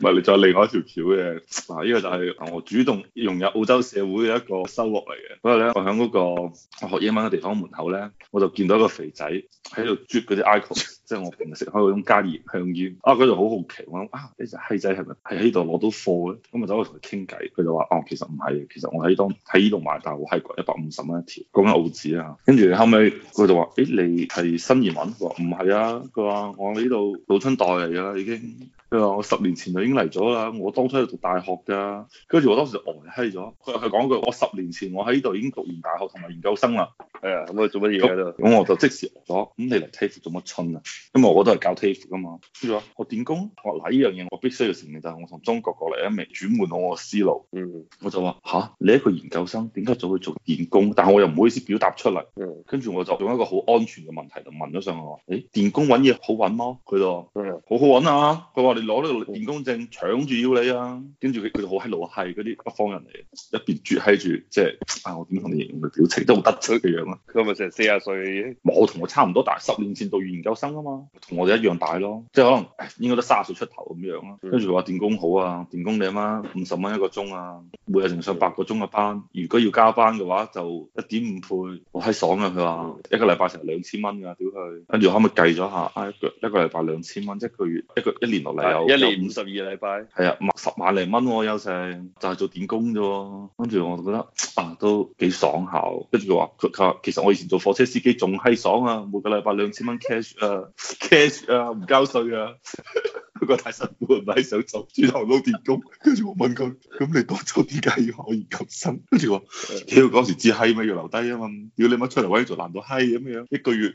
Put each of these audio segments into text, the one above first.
唔係，你再另外一條條嘅嗱，依個就係我主動融入澳洲社會嘅一個收穫嚟嘅。不過咧，我喺嗰個我學英文嘅地方門口咧，我就見到一個肥仔喺度啜嗰啲 IQOS，即係我平時食開嗰種加熱香煙。啊，佢就好好奇，我諗啊，呢隻閪仔係咪係喺度攞到貨咧？咁啊走去同佢傾偈，佢就話：哦，其實唔係，其實我喺當喺呢度買，但係我係一百五十蚊一條，講緊澳紙啊。跟住後尾，佢就話：誒，你係新移民？話唔係啊，佢話我喺呢度老春袋嚟㗎啦，已經。佢話：我十年前就已經嚟咗啦，我當初喺度讀大學㗎，跟住我當時呆咗。佢佢講句：我十年前我喺呢度已經讀完大學同埋研究生啦。誒、哎，咁佢做乜嘢咁我就即時呆咗。咁、嗯、你嚟 TAFE 做乜春啊？因為我都係教 TAFE 㗎嘛。跟住我電工、我泥呢樣嘢，我必須要承認就係、是、我從中國過嚟咧，未轉換我個思路。嗯。我就話：嚇，你一個研究生點解仲去做電工？但係我又唔好意思表達出嚟。跟住我就用一個好安全嘅問題就問咗上我：誒、哎，電工揾嘢好揾嗎？佢話：好好揾啊。佢話。攞呢個電工證搶住要你啊！跟住佢佢好閪老閪，嗰啲北方人嚟，一邊啜喺住，即係啊、哎！我點同你形容嘅表情都好得趣嘅樣啊！佢咪成四廿歲，冇同我，我差唔多大，十年前讀完研究生啊嘛，同我哋一樣大咯，即係可能應該都卅歲出頭咁樣啊！跟住話電工好啊，電工你零蚊五十蚊一個鐘啊，每日成上八個鐘嘅班，如果要加班嘅話就一點五倍，好閪爽啊！佢話的一個禮拜成日兩千蚊㗎，屌佢！跟住我可唔可以計咗下啊，一個一個禮拜兩千蚊，一個月一個一年落嚟。一年五十二個禮拜，係啊，十萬零蚊喎，有成，就係、是、做電工啫喎，跟住我就覺得啊，都幾爽下，跟住佢話佢佢其實我以前做貨車司機仲嗨爽啊，每個禮拜兩千蚊 cash 啊，cash 啊，唔交稅啊。 不過太辛苦，唔係想走轉頭攞電工，跟住我問佢：咁你當初點解要考研究生？我」跟住話：屌嗰時知閪咩？要留低啊嘛！屌你乜出嚟揾嘢做難到閪咁樣，一個月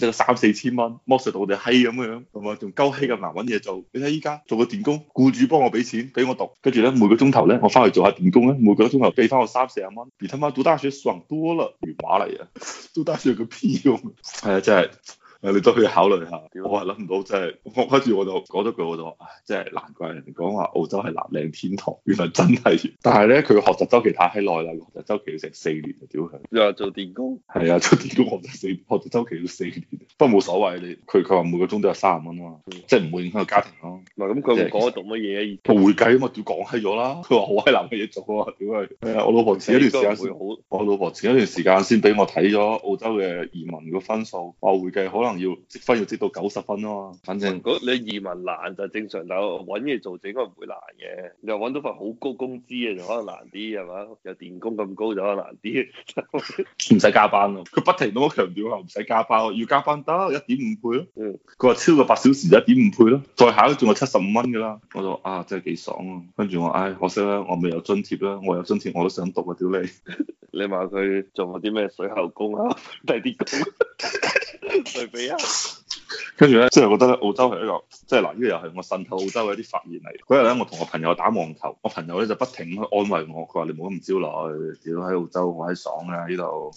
得三、呃、四千蚊，剝削到我哋閪咁樣，同埋仲鳩閪咁難揾嘢做。你睇依家做個電工，雇主幫我俾錢俾我讀，跟住咧每個鐘頭咧我翻去做下電工咧，每個鐘頭俾翻我三四廿蚊，而家翻讀大學少多啦，原話嚟啊，讀大學個屁用？係啊，真係。你都可以考慮下。 我係諗唔到真，真係。我跟住我就講咗句，我就話，即係難怪人哋講話澳洲係藍領天堂，原來真係。但係咧，佢嘅學習周期太閪耐啦，學習周期要成四年啊！屌佢。你話做電工？係啊，做電工學習四，學習周期要四年。不過冇所謂，你佢佢話每個鐘都有卅蚊啊嘛，即係唔會影響個家庭咯。咁佢唔講佢讀乜嘢啊？做會計啊嘛，屌講閪咗啦！佢話好閪難嘅嘢做啊，屌佢！係啊，我老婆前一段時間先，會好我老婆前一段時間先俾我睇咗澳洲嘅移民個分數，話會計可能要積分要積到九十分啊。反正如果、嗰個、你移民難就係、正常，就揾嘢做就應該唔會難嘅。你又揾到份好高工資嘅就可能難啲係嘛？有電工咁高就可能難啲，唔 使加班咯。佢不停咁樣強調話唔使加班，要加班得一點五倍咯。佢話、嗯、超過八小時一點五倍咯，再考仲有七十五蚊噶啦，我就啊真係幾爽啊！跟住我唉、哎、可惜啦，我未有津貼啦，我有津貼，我都想讀啊！屌 你，你話佢做過啲咩水喉工啊？第啲工，水肥啊？跟住咧，即係覺得咧，澳洲係一個，即係嗱，呢個又係我滲透澳洲嘅一啲發現嚟。嗰日咧，我同我朋友打網球，我朋友咧就不停去安慰我，佢話：你唔好咁焦慮，屌喺澳洲我閪爽啊！呢度，誒、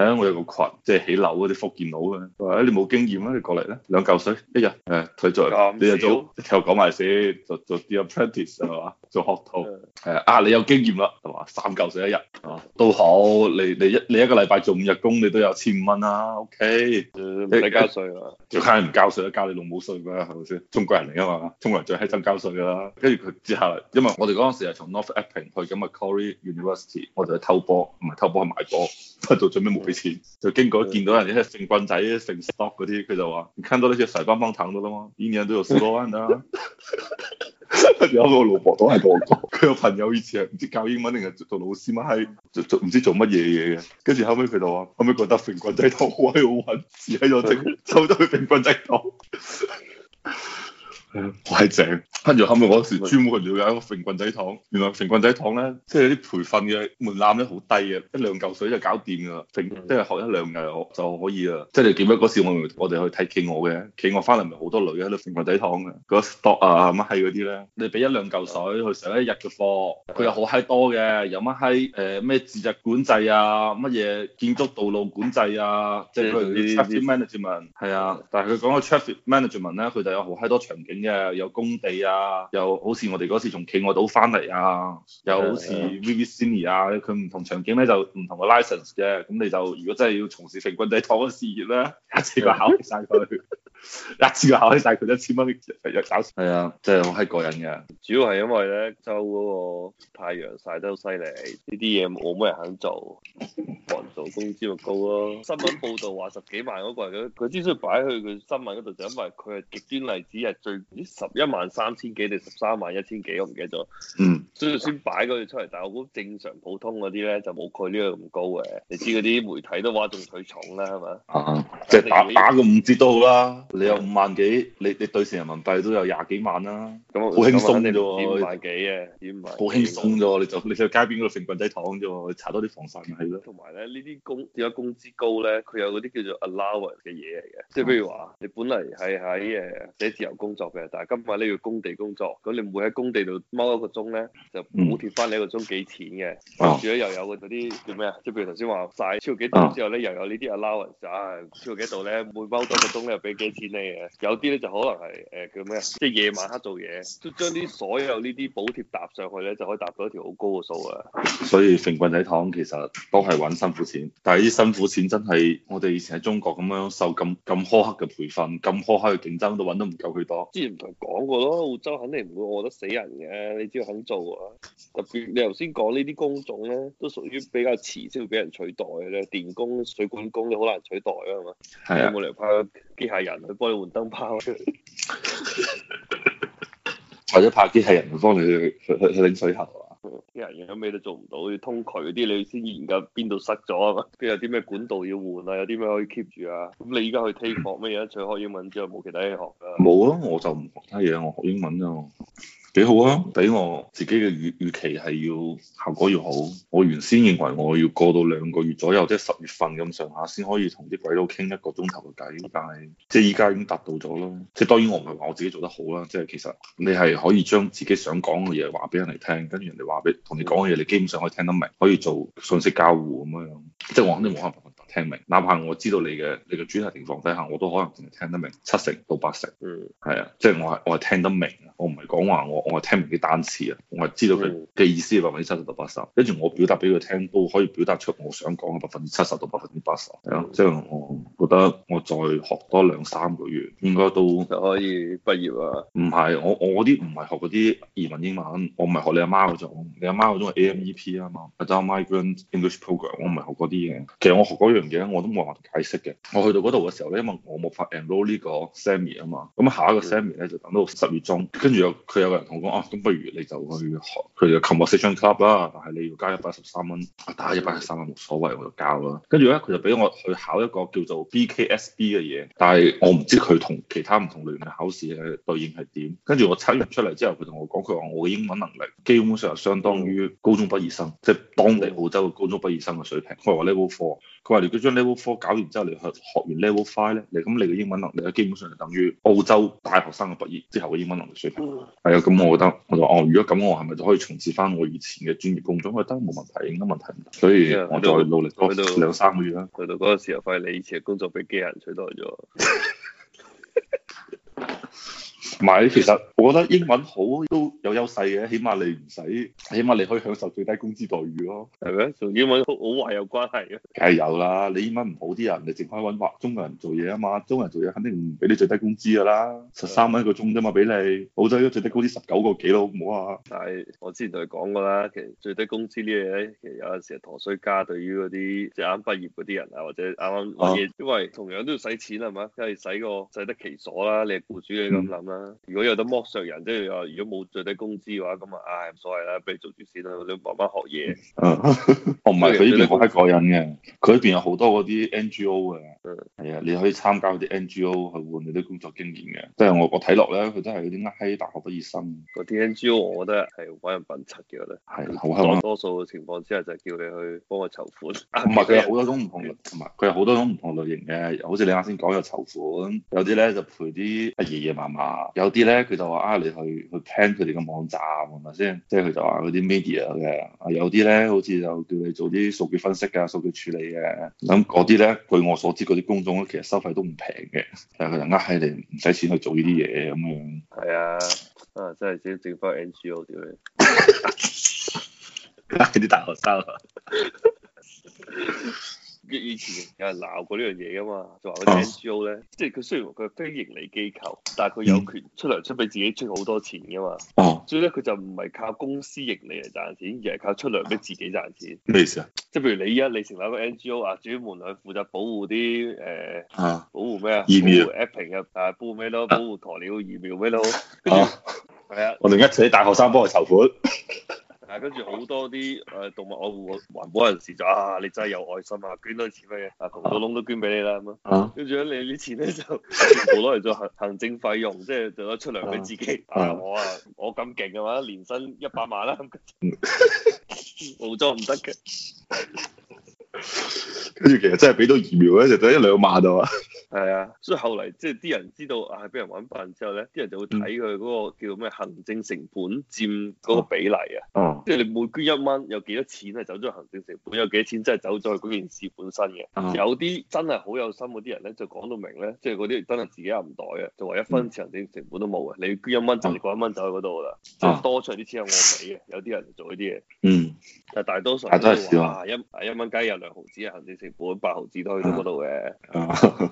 哎，我有個群，即係起樓嗰啲福建佬嘅，佢話、哎：你冇經驗啊，你過嚟咧，兩嚿水一日，退佢嚟。你又做，聽我講埋先，做做啲 apprentice 係嘛，做學徒，誒， 啊，你有經驗啦係嘛，三嚿水一日，啊，都好，你你一你，你一個禮拜做五日工，你都有千五蚊啦，OK，唔使交稅啦。條街唔交稅都交你農保稅㗎，係咪先？中國人嚟啊嘛，中國人最閪憎交稅㗎啦。跟住佢之後，因為我哋嗰陣時係從 North Epping 去咁啊，Macquarie University 我就去偷波，唔係偷波係買波，不過到最尾冇俾錢。就經過見到人哋啲成棍仔、成 stock 嗰啲，佢就話：你坑到啲嘢成幫幫糖咗啦？嘛、啊，一年都有十幾萬㗎。有個 老婆都係當佢個朋友，以前係唔知教英文定係做老師，乜閪做唔知做乜嘢嘢嘅。跟住後尾佢就話，後尾覺得貧困制度好喺度揾，而喺度整走咗去貧困制度。係正，跟住後屘嗰時專門去了解一個成棍仔糖，原來成棍仔糖咧，即係啲培訓嘅門檻咧好低啊，一兩嚿水就搞掂噶啦，即係學一兩日就可以你記、那個、啊，即係點樣嗰時我我哋去睇企鵝嘅，企鵝翻嚟咪好多女喺度成棍仔糖嘅，嗰 stop 啊乜閪嗰啲咧，你俾一兩嚿水去上一日嘅課，佢又好閪多嘅，有乜閪誒咩資質管制啊，乜嘢建築道路管制啊，即係嗰啲 traffic management 係啊的，的但係佢講嘅 traffic management 咧，佢就有好閪多場景嘅。有工地啊，又好似我哋嗰次從企鵝島翻嚟啊，又好似 Vivian 啊，佢唔 同場景咧就唔同嘅 license 嘅，咁你就如果真係要從事成軍隊躺嘅事業咧，一次過考晒佢。一，口大一千一個客啲晒佢一千蚊，搞係啊，即係我閪過癮噶。主要係因為咧，周嗰個太陽曬得好犀利，呢啲嘢冇咩人肯做，做工資咪高咯。 新聞報道話十幾萬嗰、嗰個，人，佢之所以擺去佢新聞嗰度，就因為佢係極端例子，係最十一萬三千幾定十三萬一千幾，我唔記得咗。嗯，所以先擺佢出嚟。但係我估正常普通嗰啲咧就冇佢呢個咁高嘅。你知嗰啲媒體都話仲取重啦，係咪？即係、啊、打打個五折都好啦。你有五萬幾，你你兌成人民幣都有廿幾萬啦、啊，咁好、嗯、輕鬆啫喎、哦，五萬幾嘅，已經唔係好輕鬆啫，你就你去街邊嗰度揈棍仔糖啫喎，查多啲防曬咪係咯。同埋咧，呢啲工點解工資高咧？佢有嗰啲叫做 allowance 嘅嘢嚟嘅，即係譬如話，你本嚟係喺誒寫字樓工作嘅，但係今日咧要工地工作，咁你每喺工地度踎一個鐘咧，就補貼翻你一個鐘幾錢嘅，跟住咧又有嗰啲叫咩啊？即係譬如頭先話曬超過幾度之後咧，啊、又有呢啲 allowance，啊超過幾度咧，每踎多個鐘咧又俾幾錢。有啲咧就可能係誒、呃、叫咩啊，即係夜晚黑做嘢，都將啲所有呢啲補貼搭上去咧，就可以搭到一條好高嘅數啊。所以成棍仔糖其實都係揾辛苦錢，但係啲辛苦錢真係我哋以前喺中國咁樣受咁咁苛刻嘅培訓、咁苛刻嘅競爭都揾得唔夠佢多。之前唔係講過咯，澳洲肯定唔會餓得死人嘅，你只要肯做啊。特別你頭先講呢啲工種咧，都屬於比較遲先會俾人取代嘅咧，電工、水管工都好難取代啊，係嘛的？係啊的。機械人去幫你換燈泡， 或者派機械人幫去幫你去去去拎水喉啊！機械人影有咩都做唔到，要通渠嗰啲你先研究邊度塞咗啊嘛！跟住有啲咩管道要換啊，有啲咩可以 keep 住啊！咁你依家去 take 課咩嘢？除咗學英文之外冇其他嘢學噶？冇啊！我就唔學其他嘢，我學英文咋？幾好啊！俾我自己嘅預預期係要效果要好。我原先認為我要過到兩個月左右，即係十月份咁上下先可以同啲鬼佬傾一個鐘頭嘅偈，但係即係依家已經達到咗咯。即係當然我唔係話我自己做得好啦。即係其實你係可以將自己想講嘅嘢話俾人嚟聽，跟住人哋話俾同你講嘅嘢，你基本上可以聽得明，可以做信息交互咁樣。即係我肯定冇可能。聽明，哪怕我知道你嘅你嘅主題情況底下，我都可能淨係聽得明七成到八成，嗯，係啊，即係我係我係聽得明啊，我唔係講話我我係聽唔明啲單詞啊，我係知道佢嘅意思係百分之七十到八十，跟住我表達俾佢聽都可以表達出我想講嘅百分之七十到百分之八十，係啊，即係、mm. 我覺得我再學多兩三個月應該都可以畢業啊。唔係，我我嗰啲唔係學嗰啲移民英文，我唔係學你阿媽嗰種，你阿媽嗰種係 A M E P 啊嘛，就 Migrant English Program，我唔係學嗰啲嘢。其實我學嗰樣。我都冇辦法解釋嘅。我去到嗰度嘅時候咧，因為我冇法 enroll 呢個 Sammy 啊嘛，咁下一個 Sammy 咧就等到十月中，跟住有佢有個人同我講：咁、啊、不如你就去佢哋嘅 Conversation Club 啦，但係你要加一百一十三蚊。打一百一十三蚊冇所謂，我就交啦。跟住咧，佢就俾我去考一個叫做 BKSB 嘅嘢，但係我唔知佢同其他唔同類型嘅考試嘅對應係點。跟住我測完出嚟之後，佢同我講：佢話我嘅英文能力基本上係相當於高中畢業生，即係當地澳洲嘅高中畢業生嘅水平。佢話 Level Four 佢話。如果將 level four 搞完之後，你去學完 level five 咧，你咁你嘅英文能力基本上就等於澳洲大學生嘅畢業之後嘅英文能力水平。係啊、嗯，咁、哎、我覺得，我就哦，如果咁，我係咪就可以從事翻我以前嘅專業工作？我覺得，冇問題，應該問題唔大。所以我再努力多兩三個月啦。去到嗰個時候，發現你以前嘅工作俾機器人取代咗。 唔係，其實我覺得英文好都有優勢嘅，起碼你唔使，起碼你可以享受最低工資待遇咯、啊，係咪？同英文好壞有關係嘅，梗係 有啦。你英文唔好啲人，你淨係揾華中國人做嘢啊嘛，中國人做嘢肯定唔俾你最低工資㗎啦，十三蚊一個鐘啫嘛，俾你好咗都最低工資十九個幾咯，好唔好啊？但係我之前就係講過啦，其實最低工資呢樣嘢，其實有陣時係陀衰家，對於嗰啲即係啱畢業嗰啲人啊，或者啱啱揾嘢，因為同樣都要使錢係嘛，梗係使個使得其所啦。你係僱主你咁諗啦。嗯如果有得剝削人，即係話如果冇最低工資嘅話，咁啊，唉唔所謂啦，俾你做啲事，同你慢慢學嘢。嗯，我唔係佢呢邊好閪過癮嘅，佢依邊有好多嗰啲 NGO 嘅，係啊，你可以參加嗰啲 NGO 去換你啲工作經驗嘅。即係我我睇落咧，佢都係嗰啲呃閪大學畢業生。個啲 NGO 我覺得係揾人笨柒嘅，我覺得係啦，好多數嘅情況之下就係叫你去幫佢籌款。唔係佢有好多種唔同，唔係佢有好多種唔同類型嘅，好似你啱先講有籌款，有啲咧就陪啲爺爺嫲嫲。有啲咧，佢就話啊，你去去聽佢哋嘅網站係咪先？即係佢就話嗰啲 media 嘅，有啲咧好似就叫你做啲數據分析嘅、數據處理嘅。咁嗰啲咧，據我所知，嗰啲工種其實收費都唔平嘅，但係佢就呃喺你唔使錢去做呢啲嘢咁樣。係啊，啊真係自整翻 NGO 啲咩？啲大學生啊！以前有人鬧過呢樣嘢㗎嘛，n 呢啊、就話個 NGO 咧，即係佢雖然佢係非盈利機構，但係佢有權出糧出俾自己出好多錢㗎嘛。哦、啊，嗯、所以咧佢就唔係靠公司盈利嚟賺錢，而係靠出糧俾自己賺錢。咩意思啊？即係譬如你依家你成立一個 NGO 啊，專門去負責保護啲誒，欸、啊保，保護咩啊？疫苗。app 啊，保護咩咯？保護鴕鳥、疫苗咩都好。啊。係啊是的。我哋一齊大學生幫佢籌款。跟住好多啲誒動物愛護個環保人士就啊，你真係有愛心啊，捐多啲錢俾佢啊，窮到窿都捐俾你啦咁咯。啊！跟住咧，你啲錢咧就全部攞嚟做行行政費用，即係做得出糧俾自己。啊、啊！我啊，我咁勁嘅話，年薪一百萬啦，冇裝唔得嘅。啊啊、 跟住其實真係俾到疫苗咧，就得一兩萬啊。係啊，所以後嚟即係啲人知道啊，俾人揾笨之後咧，啲人就會睇佢嗰個、嗯、叫咩行政成本佔嗰個比例啊。即、啊、係你每捐一蚊，有幾多錢係走咗行政成本，有幾多錢真係走咗去嗰件事本身嘅。啊、有啲真係好有心嗰啲人咧，就講到明咧，即係嗰啲真係自己又唔袋啊，就話一分錢行政成本都冇啊。你捐一蚊就嗰一蚊走去嗰度啦。哦、啊。即係、啊、多出嚟啲錢係我俾嘅，有啲人做呢啲嘢。嗯。但大多數都，大多係一一蚊雞有兩毫子行政成本，八毫子都去到嗰度嘅。啊啊